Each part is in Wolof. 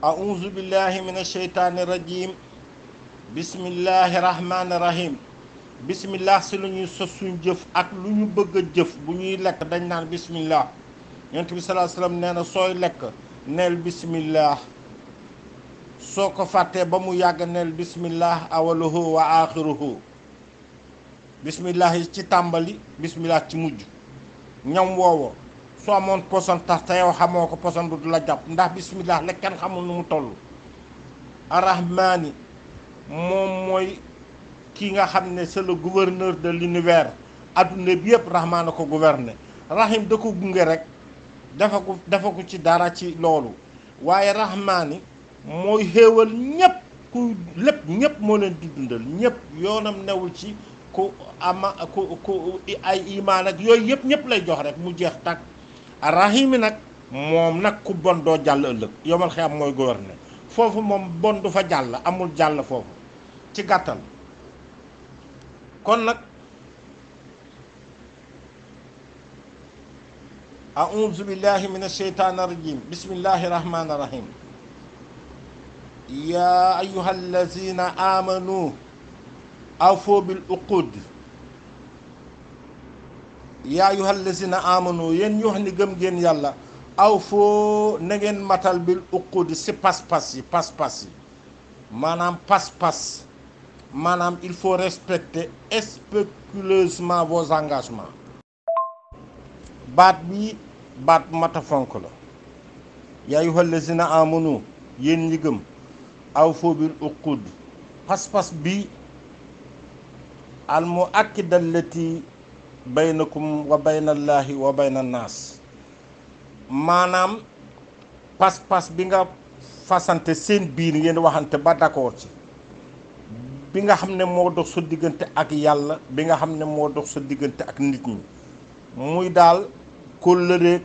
أعوذ بالله من الشيطان الرجيم بسم الله الرحمن bismillah si lu ñuy jëf ak lu ñu bëgg a jëf bu ñuy lekk dañ naan bismillah yonent bi salaa salaam sooy lekk neel bismillah soo ko fàttee ba mu yàgg nel bismillah awaluhu wa axiruhu bismillah yi ci tàmbali bismillah ci mujj ñam woowo soo amoon poson tax te yow xamoo ko poson bu du la ndax bismillah la kenn xamul nu mu toll arrahmani moom mooy ki nga xam ne c'est le gouverneur de l'univers bi ko gouverner rahim da ko gunge rek dafa ko dafa ko ci dara ci loolu waaye ku lep nyep moo leen di dundal ñëpp yoonam newul ci ku ama ku ku ay imaan ak yooyu yëpp ñëpp lay jox rek mu jeex arrahimi nag moom nag ku bon doo jàll ëllëg yomal xiyam mooy gouverneur foofu moom bon du fa jàll amul jàll foofu ci gàttal kon nag auzu billahi min alsheytan arrajim bismillahi rahmani rahim يا أيها الذين آمنوا أوفوا بالعقود ya ayyuhal lazina amanu yéen ñu wax ni gëm aw matal bil uqud si pas-pas pas-pas manam pas-pas manam il faut respecter espéculeusement vos engagements bat bi bat mata fonk la yaa ayyuhal lazina amanu yen ñi bil uqud pas-pas bi al muakkida baynakum wa baynallaahi wa bayna naas maanaam pas-pas bi nga fasante seen biir ngeen waxante ba d'accord ci bi nga xam ne moo dox sa diggante ak yàlla bi nga xam ne moo dox sa diggante ak nit ñi muy daal kóllëre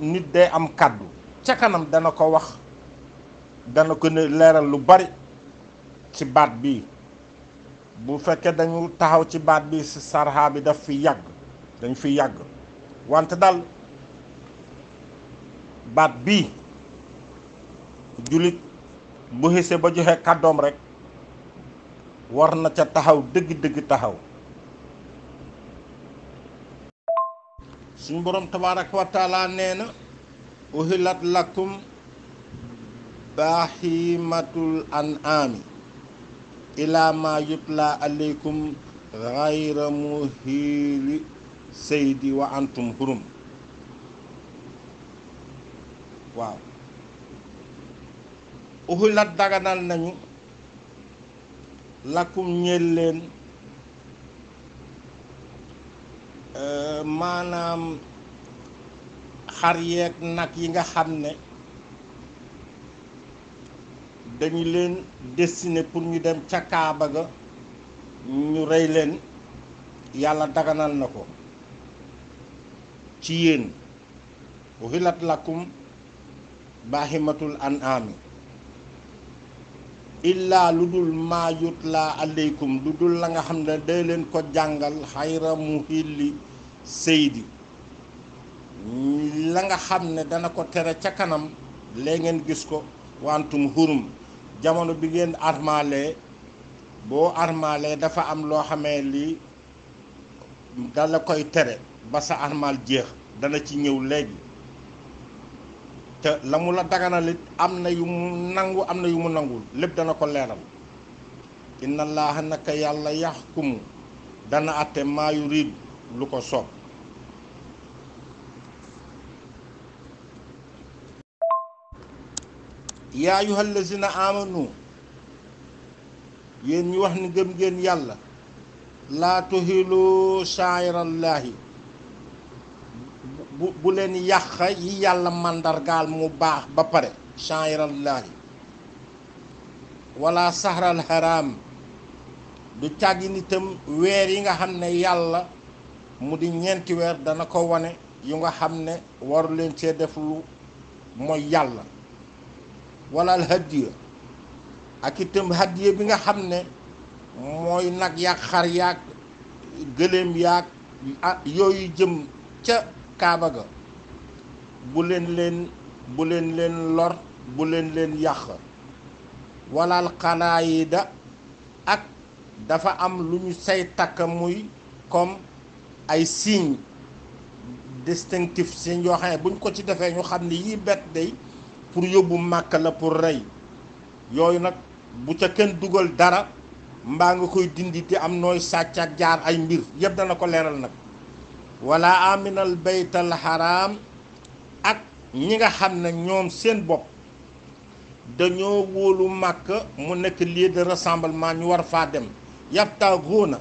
nit day am kàddu ca kanam dana ko wax dana ko ne leeral lu bari ci baat bi bu fekkee dañu taxaw ci baat bi si bi daf fi yàgg dañ fi yàgg wante dal baat bi jullit bu xisee ba joxe kàddoom rek war na ca taxaw dëgg-dëgg taxaw suñ boroom tabaaraka wa taala nee na lakkum lakum baaximatul ami ilaa ma yutla aleykum xayra muhiili saydi wa antum hurum waaw uxulat daganal nañu lakum ñeel leen euh, maanaam xar yeeg nag yi nga xam ne dañu leen destiné pour ñu dem ca Kaaba ga ñu rey leen yàlla daganal na ko ci yéen uhilat lakum baahimatul an'ami illaa lu dul maa yutlaa aleykum lu dul la nga xam ne day leen ko jàngal xayra muhilli seydi la nga xam ne dana ko tere ca kanam lee ngeen gis ko wantum hurum jamono bi ngeen armalee boo armalee dafa am loo xamee li dala koy tere ba sa armal jeex dana ci ñëw léegi te la mu la daganal am na yu mu nangu am na yu mu nangul lépp dana ko leeral na allaha naka yàlla yaxkumu dana atte maa yurid lu ko soob yaa ayyuhal lazina amanu yéen ñu wax ni gëm ngeen yàlla laa tuhilu shaa'irallaahi bu bu leen yàq yi yàlla màndargaal mu baax ba pare shaa'irallaahi wala sahral haram du càggi nitam weer yi nga xam ne yàlla mu di ñeenti weer dana ko wane yu nga xam ne waru leen cee def lu mooy yàlla wala al ak itam hadiya bi nga xam ne mooy nag yaag xar yaag gëléem yaag ah, yooyu jëm ca kaaba ga bu leen leen bu leen leen lor bu leen leen yàq wala al da ak dafa am lu ñu say takk muy comme ay signe distinctif seen yoo xam ne buñ ko ci defee ñu xam ne yii bett day pour yóbbu màkk la pour rey yooyu nag bu ca kenn dugal dara mbaa nga koy dindi te am nooy sàcc ak jaar ay mbir yëpp dana ko leeral nag wala aminal baytal haram ak ñi nga xam ne ñoom seen bopp dañoo wóolu màkk mu nekk lieu de rassemblement ñu war faa dem yabtaguuna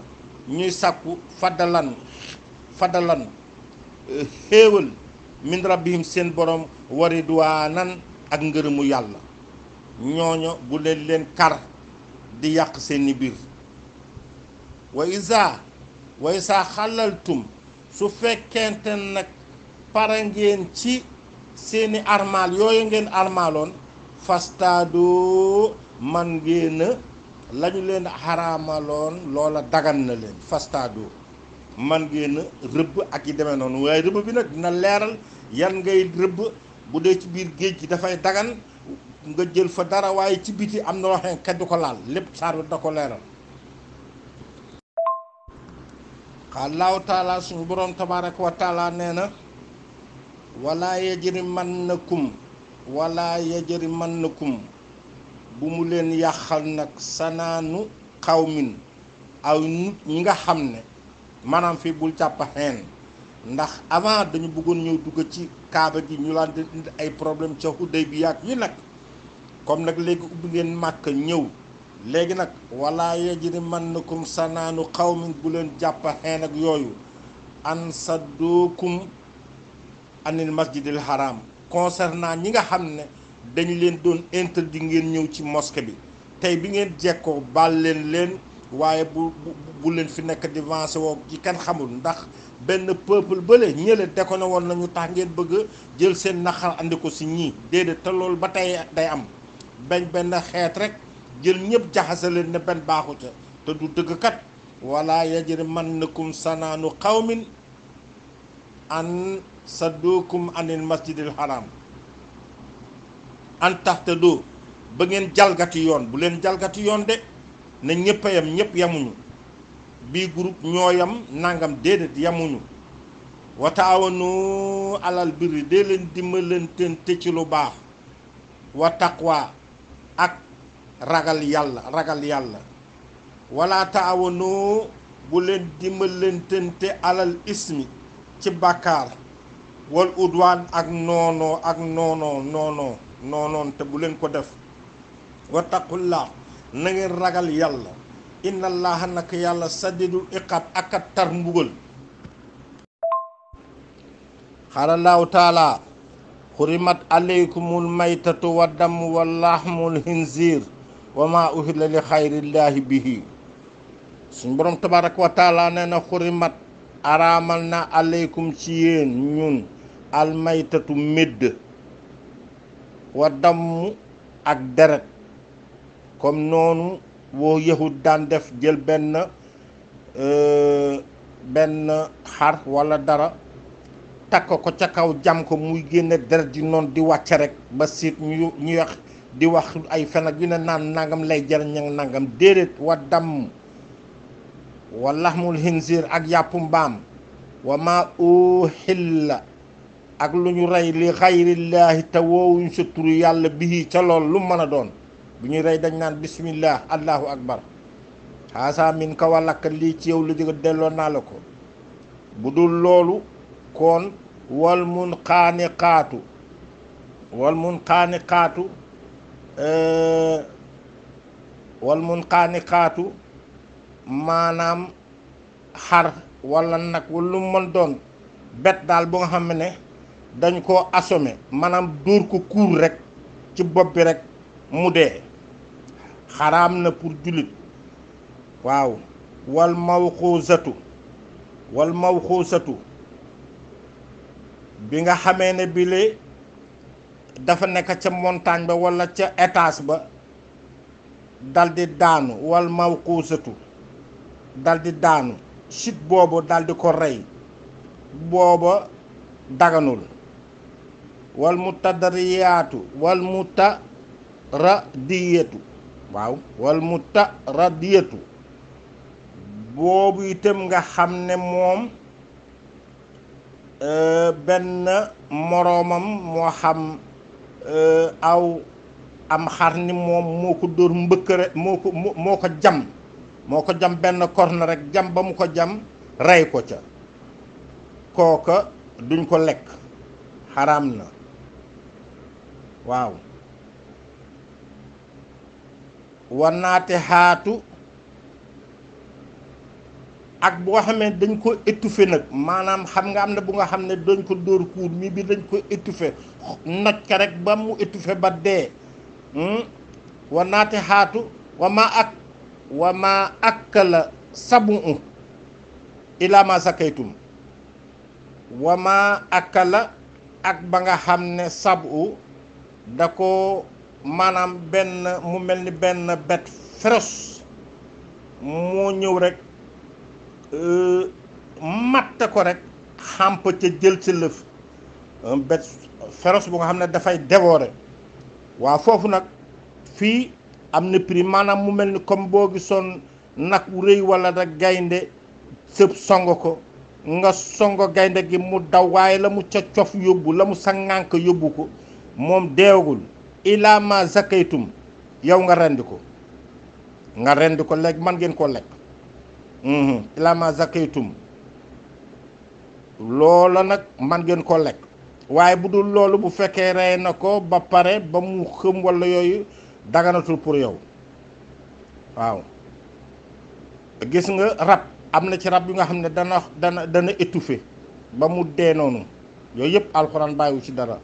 ñuy sàkku fadalan fadalan eh, xéewal min rabbihim seen borom waridwaanan ak ngërëmu yàlla ñooño bu leen leen kar di yàq seeni biir wa isa wa isa su fekkente nag pare ngeen ci seeni armaal yooyu ngeen armaaloon fastaadoo man ngeen la leen xaraamaloon loola dagan na leen fastaadoo man ngeen rëbb ak yi demee noonu waaye rëbb bi nag dina leeral yan ngay rëbb bu dee ci biir géej gi dafay dagan nga jël fa dara waaye ci biti am na loo xam du ko laal lépp saar bi da ko leeral xaalaaw taala suñu boroom tabaaraka wa taala nee na wala yajëri man na kum man na kum bu mu leen yàqal nag sanaanu xawmin aw ñi nga xam ne maanaam fii bul jàpp xeen ndax avant dañu bëggoon ñëw dugg ci kaaba gi ñu laan indi ay problème ca xudday bi yàgg yi nag comme nag léegi ubbi ngeen màkk ñëw léegi nag walla wala yajrimannakum sanaanu xawmin bu leen jàpp xeen ak yooyu an sa saddukum anil masjidil haram concernant ñi nga xam ne dañu leen doon interdit ngeen ñëw ci moske bi tey bi ngeen jekkoo baal leen leen waaye bu bu leen fi nekk di vancé woo ci kenn xamul ndax benn peuple bële ñële déconné woon nañu tax ngeen bëgg jël seen naqar andi ko si ñii déedéet te loolu ba tey day am bañ benn xeet rek jël ñëpp jaxase leen ne benn baaxu ca du dëgg kat wala yajrimannakum sanaanu qawmin an saddukum anil masjidil haram an taxtadu ba ngeen jalgati yoon bu leen jalgati yoon de na ñëpp a yem ñëpp yemuñu bii groupe ñooyam yem nangam déedéet yamuñu wa taawanu alal birri dee leen dimbalante ci lu baax wa taqwa ak ragal yàlla ragal yàlla wala taawanu bu leen dimbalante alal ismi ci bàkkaar wal udwaan ak noonoo ak noonoo noonoo noonoon te bu leen ko def wa na ngeen ragal yàlla inna allaha nak yàlla sadidul iqab akat tar mbugal xalallahu taala xurimat aleykumul maytatu wa damu wa lahmul hinzir wa ma uhilla li xayrillaahi bihi suñ borom tabarak wa taala nee na xurimat araamal na aleykum ci yéen ñun almaytatu médd wa damm ak deret comme noonu woo yahut daan def jël benn euh, benn xar walla dara takk ko ca kaw jam ko muy génne deret ji noonu di wàcce rek ba siit ñu ñu wax di wax ay fen yu ne naan nangam lay jariñ ak nangam déedéet wa damm wa laxmul xinsiir ak yàppu mbaam wa ma uhilla ak lu ñu rey li xayrillaahi te woowuñ sa turu yàlla bii ca lool lu mën a doon bu ñuy rey dañ naan bismillah allahu akbar xaasa min wa walakka lii ci yow lu jóge delloo naa la ko bu dul loolu kon wal mun xaani xaatu wal mun xaani xaatu euh, wal mun xaani xaatu maanaam xar wala nag wala lu doon bet daal bu nga xam ne dañ ko assommé maanaam dóor ko kuur rek ci bopp bi rek mu dee xaraam na pour jullit waaw wal mawxuusatu wal mawxuusatu bi nga xamee ne bi dafa nekk ca montagne ba wala ca etaas ba dal di daanu wal mawxuusatu dal di daanu chute boobu dal ko rey booba daganul wal mutadarriyaatu wal mutaradiyatu waaw wal mu ta radiyatu boobu itam nga xam ne moom euh, benn moroomam moo xam euh, aw am xar ni moom moo ko dóor mbëkkëre moo ko moo ko jam moo ko jam benn korne rek jam ba mu ko jam rey ko ca kooka duñ ko lekk xaram na waaw wannaate xaatu ak boo xamee dañ ko étouffé nag maanaam xam nga am na bu nga xam ne dañ ko dóor kuur mi biir dañ ko étouffé noj ka rek ba mu étouffé ba dee hmm? wannaate xaatu wa ma ak wa ma akkala sabu'u ilaa ma sakaytum wa ma akkala ak ba nga xam ne sabu da ko maanaam benn mu mel ni benn bête féroce moo ñëw rek euh, matt ko rek xàmp ca jël ca lëf un bête féroce bu nga xam ne dafay dévorer waaw foofu nag fii am na prix maanaam mu mel ni comme boo gisoon nag wu rëy walla rek gaynde sëb song ko nga songo gaynde gi mu daw waaye la mu ca cof yóbbu la mu sa ŋànk yóbbu ko moom deewagul ilaa ma zakaytum yow nga rendi ko nga rendi ko lekk man ngeen koo lekk mhm, ilaa ma zakaytum loola nag man ngeen koo lekk waaye bu dul loolu bu fekkee rey na ko ba pare ba mu xëm walla yooyu daganatul pour yow waaw gis nga rab am na ci rab yu nga xam ne dana dana dana étouffé ba mu dee noonu yooyu yëpp alxuraan bàyyiwu ci dara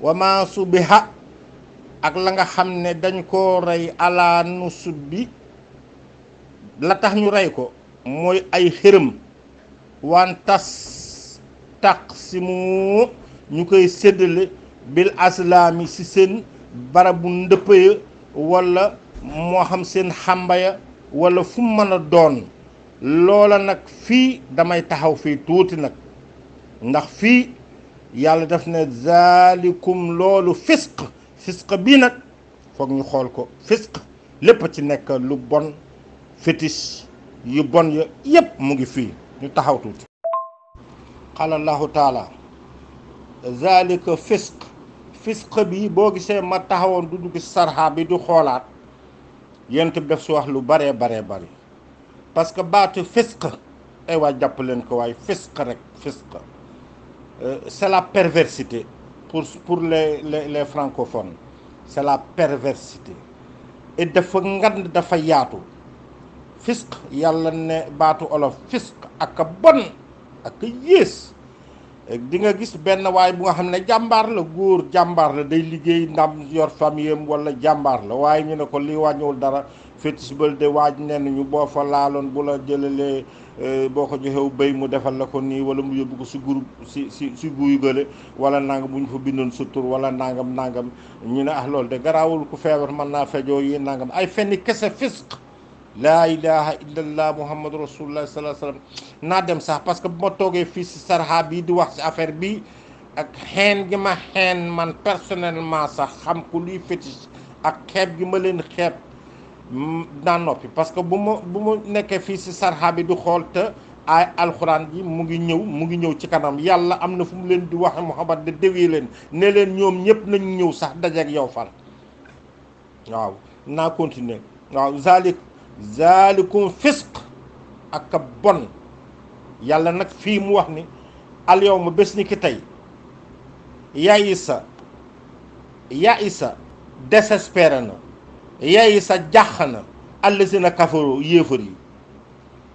wa ma subiha ak la nga xam ne dañ koo rey ala nusub bi la tax ñu rey ko mooy ay xërëm wan tas taqsimu ñu koy seddale bil aslaami ci seen barabu ndëpp ya wala moo xam seen xàmba ya wala fu mën a doon loola nag fii damay taxaw fii tuuti nag ndax fii yàlla daf ne zaalikum loolu fisq fisq bii nag foog ñu xool ko fisq lépp ci nekk lu bon fétiche yu bon ya yépp mu ngi fii ñu taxaw tuuti qaala allahu taala zalika fisq fisq bi boo gisee ma taxawoon du dugg sarxa bi du xoolaat yent bi def si wax lu baree baree bari parce que baatu fisq ay waay jàpp leen ko waaye fisq rek fisq euh, c'est la perversité pour, pour les, les, francophones c'est la perversité et dafa ngand dafa yaatu fisq yàlla ne baatu olof fisq ak a bon ak a yées di nga gis benn waay bu nga xam ne jàmbaar la góor jàmbaar la day ndam yor famille am wala jàmbaar la waaye ñu ne ko li wàññiwul dara fétiche bal de waaj nen ñu boo fa laaloon bu la jëlalee eh, boo ko joxew béy mu defal la ko nii wala mu yóbbu ko si groupe si si si guyu gële wala nangam bu ñu bindoon sa wala nangam nangam ñu ne ah loolu de garaawul ku feebar mën naa fejoo yi nangam ay fenni kese fisq laa ilaha illallah muhammadu rasulullah salaa sallam naa dem sax parce que bu toogee fii si sarxa bii di wax si affaire bi ak xeen gi sax xam ku luy fétiche ak xeeb gi ma leen xeeb dans nopi parce que buma buma bu fi ci sarha bi du xol te ay alcorane yi mu ngi ñëw mu ngi ñëw ci kanam yàlla amna fu mu leen di waxe Muhammad de déwee leen ne leen ñom ñep nañ ñëw sax dajeeg yow fal waaw na continuer waaw zalik zalikum fisq ak bon yàlla nak fi mu wax ni al yawm ma bés ni ki tay ya isa ya isa desespérer na yay sa jàq na allazina kafaru yéefar yi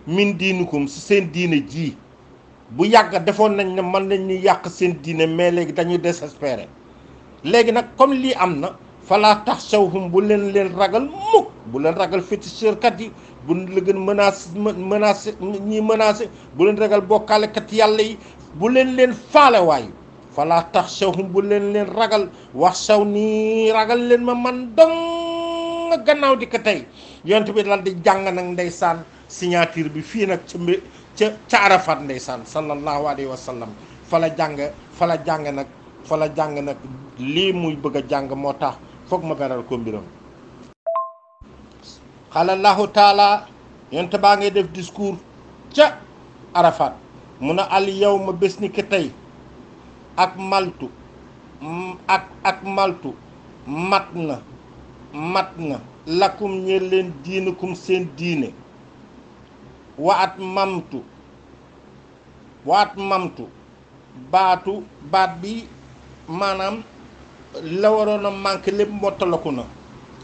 min diinikum si seen diine ji bu yàgg defoon nañ ne mën nañ ñu yàq seen diine mais léegi dañu désespéré léegi nag comme lii am na fala tax sawhum bu leen leen ragal mukk bu leen ragal kat yi bu la gën menace menace ñi menacé bu leen ragal bokkaalekat yàlla yi bu leen leen faale waayu fala tax sawhum bu leen leen ragal wax saw nii ragal leen ma man dong gannaaw dikk tey yonent bi dal di jàng nag ndeysaan signature bi fii nag ci mbi ca ca arafat ndeysaan sallallahu alayhi wa sallam fa la jàng fa la jàng nag fa la jàng nag lii muy bëgg a jàng moo tax foog ma beral ko mbiram taala baa ngay def discours ca arafat mu ne al yow ma bés ni ki tey ak maltu ak ak maltu mat na mat na lakkum ñe leen diinukum seen diine wa at mamtu wa at mamtu baatu baat bi maanaam la waroon a manqué lépp mottalaku na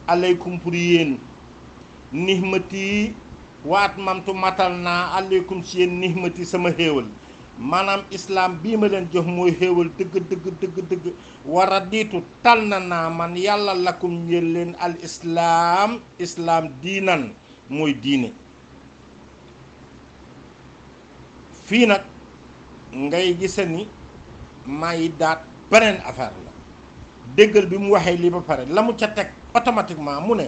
aleykum pour yéen nihmati yi waat mamtu matal naa aleykum ci yéen nihmati sama xéewal maanaam islaam bii ma leen jox mooy xéewal dëgg dëgg dëgg dëgg war a diitu tànn naa man yàlla lakum ñeel leen al islaam islaam diinan mooy diine fii nag ngay gise ni may daat beneen affaire la déggal bi mu waxee lii ba pare la mu ca teg automatiquement mu ne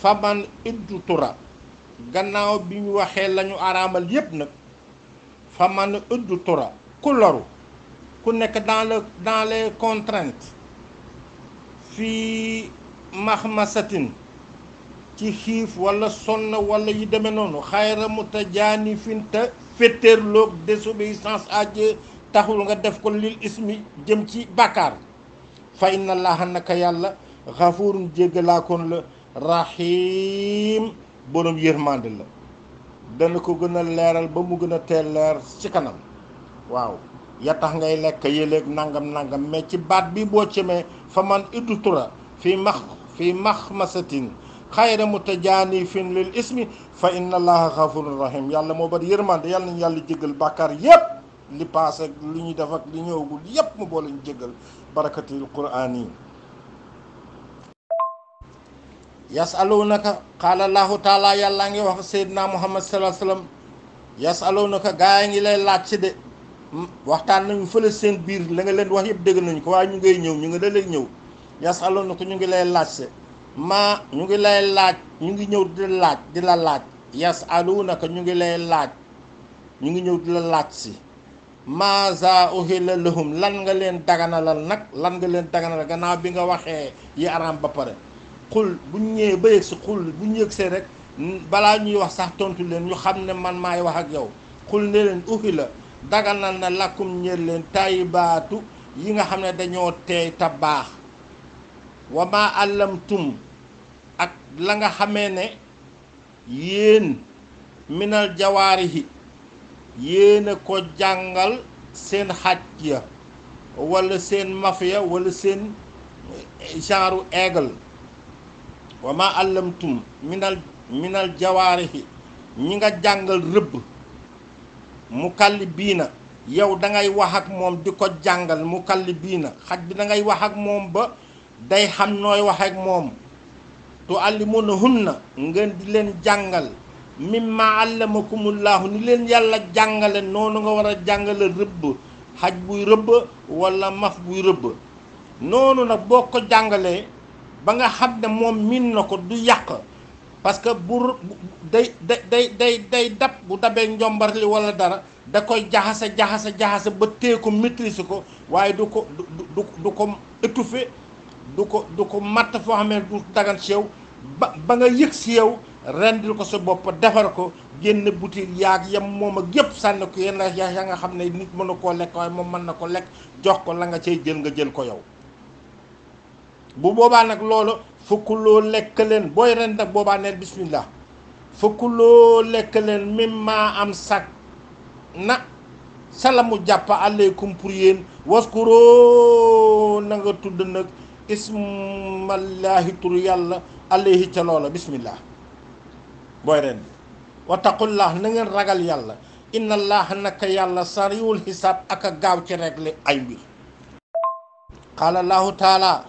faman iddu tura gannaaw bi ñu waxee lañu araamal yépp nag fa man udd tura ku loru ku nekk dans le dans les contraintes fi maxmasatin ci xiif walla sonn wala yi demee noonu xayra mu ta jaani finta féttéerloog désobéissance à taxul nga def ko lil ismi jëm ci bàkkaar fa inna allaha yàlla xafurum jéggalaakoon la rahim boroom yërmande la dana ko gën a leeral ba mu gën a teel leer ci kanam waaw ya tax ngay lekk yëleeg nangam nangam mais ci baat bi boo cemee fa man iddu tura fii max fii max masatin xayra mutajaanifin lil ismi fa inna allaha xafurun yàlla moo bari yërmande yàlla nañu yàlla jéggal bàkkaar yépp li paase ak li ñuy def ak li ñëwagul yépp mu boole ñu jéggal barakatil quraan yi nag qaala allahu taala yàllaa ngi wax seydina muhammad salaa sallam yasalunaka gaa yi ngi lay laaj ci de waxtaan nañu fële seen biir la nga leen wax yëpp dégg nañu ko waaye ñu ngay ñëw ñu ngi la lay ñëw yasalunaka ñu ngi lay laaj se maa ñu ngi lay laaj ñu ngi ñëw di la laaj di la laaj yasalunaka ñu ngi lay laaj ñu ngi ñëw di la laaj si maaza uhilla lahum lan nga leen daganalal nag lan nga leen daganalal gannaaw bi nga waxee yi araam ba pare xul bu ñu yëg bu ñu see rek balaa ñuy wax sax tontu leen ñu xam ne man maay wax ak yow xul ne leen uxi la dagal na lakkum ñeel leen tayyibaatu yi nga xam ne dañoo teey tabaax baax wa maa allamtum ak la nga xamee ne yéen minal jawaarihi yéen a ko jàngal seen xaj ya wala seen mafia wala seen genre aigle waa ma allamtum minal minal jawaarihi ñi nga jàngal rëbb mu kalli bii yow dangay wax ak moom di ko jàngal mu kalli bii na xaj bi da ngay wax ak moom ba day xam nooy wax ak moom tu na nga di leen jàngal mimma allamakumullahu ni leen yàlla jàngale noonu nga war a jàngale rëbb xaj buy rëbb wala maf buy rëbb noonu nag boo ko jàngalee ba nga xam ne moom min na du yàq parce que bu day day day day day dab bu dabee njombar li wala dara da koy jaxase jaxase jaxase ba tee ko maîtrise ko waaye du ko du du du ko étouffer du ko du ko matt foo xam ne du dagan si yow ba ba nga yëg si yow rendil ko sa bopp defar ko génn butil yaag yam moom ak yëpp sànni ko yenn ya, ya nga xam nit mën na koo lekk waaye moom ko lekk jox ko la nga cay jël nga jël ko yow bu boobaa nag loolu fakkuloo lekk leen booy ren nag boobaa neel bismillah fakkuloo lekk leen même maa am sag na salamu jàpp aleykum pour yéen waskuroo na nga tudd nag ismallahi tur yàlla alayhi ca loola bismillah booy ren wa taqullah na ragal yàlla inna allah naka yàlla sariwul xisaab ak a gaaw ci régler ay mbir qaala allahu taala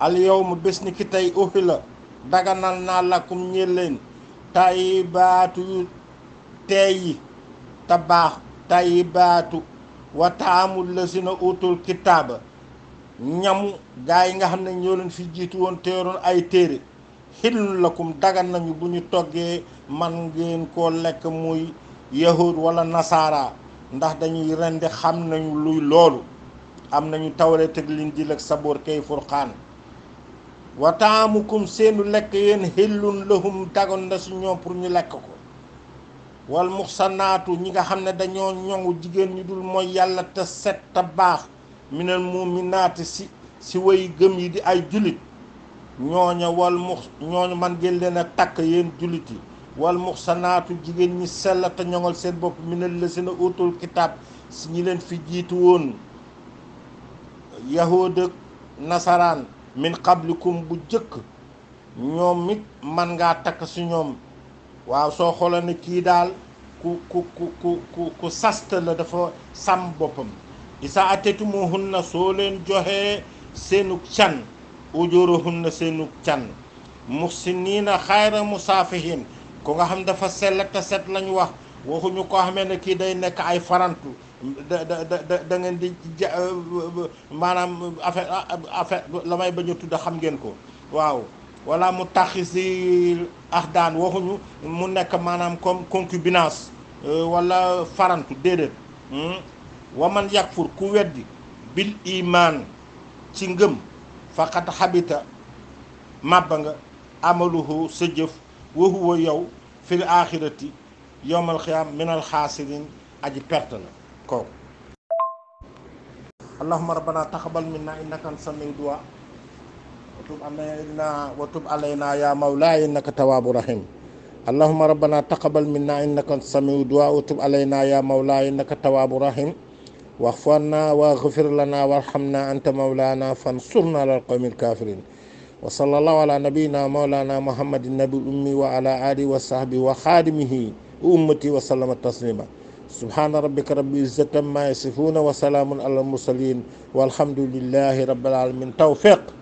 al yawma bés ni ki tey uhilla daganal naa lakum ñeel leen tayyibaatu yu teey yi te baax tayyibaatu wa taamul la si na utul kitaaba ñamu gaa yi nga xam ne ñoo leen fi jiitu woon teeroon ay téere xillul lakum dagan nañu bu ñu toggee man ngeen koo lekk muy yahud wala nasaara ndax dañuy rendi xam nañu luy loolu am nañu tawreet ak linjiil ak saboor kay furqaan wa taamukum seenu lekk yéen xillun lahum dagoon na si ñoom pour ñu lekk ko wal muxsanaatu ñi nga xam ne dañoo ñongu jigéen ñu dul mooy yàlla te set te baax minal muminaati si si way gëm yi di ay jullit ñooña wal mux ñooñu man ngeen leen a takk yéen jullit yi wal muxsanaatu jigéen ñi sell te ñoŋal seen bopp minal la seen utul kitaab si ñi leen fi jiitu woon yahuud ak nasaraan min qablikum bu jëkk ñoom it man ngaa takk ci ñoom waaw soo xoolee ne kii daal ku ku ku ku ku la dafa sàmm boppam isa atetumuhunna soo leen joxee seenug can na seenug can niina xayra musaafihin ku nga xam dafa sell te set lañu wax waxuñu ko xamee ne kii day nekk ay farantu da da da da euh, euh, maanaam affaire ah, affaire la may bañ tudd xam ngeen ko waaw wala mu taxisi ah daan waxuñu mu nekk maanaam comme concubinage euh, wala farantu déedéet hmm? waman yakfur ku weddi bil iman ci ngëm faqat xabita màbba nga amaluhu sa jëf wa yow fil axirati يوم الخيام من الخاسرين أجي بيرتنا la اللهم ربنا تقبل منا إنك innaka samiu duwa وتب علينا وتب علينا يا مولاي انك تواب رحيم اللهم ربنا تقبل منا انك السميع الدعاء وتب علينا يا مولاي انك تواب رحيم واغفرنا واغفر لنا وارحمنا انت مولانا فانصرنا على القوم الكافرين وصلى الله على نبينا مولانا محمد النبي الامي وعلى اله وصحبه وخادمه وأمتي وسلم تسليما سبحان ربك رب العزة ما يصفون وسلام على المرسلين والحمد لله رب العالمين توفيق